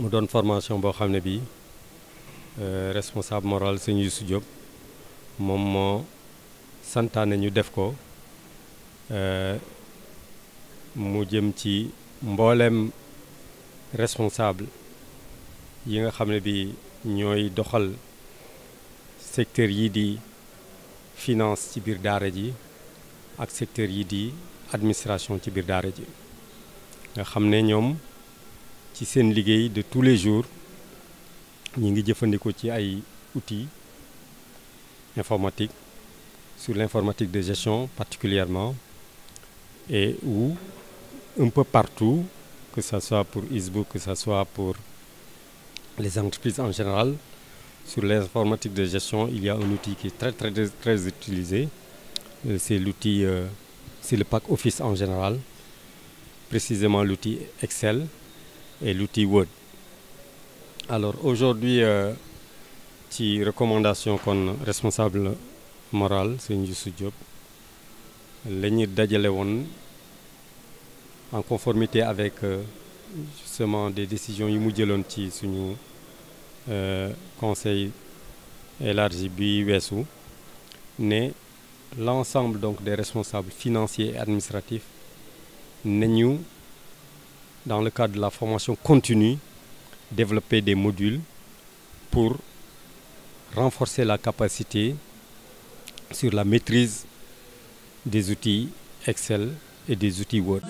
mu doon formation boo xam ne bii euh, responsable moral sëñ Youssou Diop moom moo santaane ñu def ko euh, mu jëm ci mbooleem responsable yi nga xam ne bi ñooy doxal secteur yi di finance ci biir daara ji ak secteur yi di administration ci biir daara ji nga xam ne ñoom ci seen liggéey de tous les jours ñu ngi jëfandikoo ci ay outils informatiques sur l'informatique de gestion particulièrement et où un peu partout que ça soit pour ISBU que ça soit pour les entreprises en général sur l'informatique de gestion il y a un outil qui est très très très utilisé euh, c'est l'outil euh, c'est le pack Office en général précisément l'outil Excel lu l'outil Word alors aujourd'hui euh, ci recommandation kon responsable moral sëñ Youssou Diop la ñu dajale woon en conformité avec euh, justement des décisions yi mu jëloon ci suñu euh, conseil élargie bi weesu ne l'ensemble donc des responsables financiers et administratifs nañu dans le cadre de la formation continue, développer des modules pour renforcer la capacité sur la maîtrise des outils Excel et des outils Word.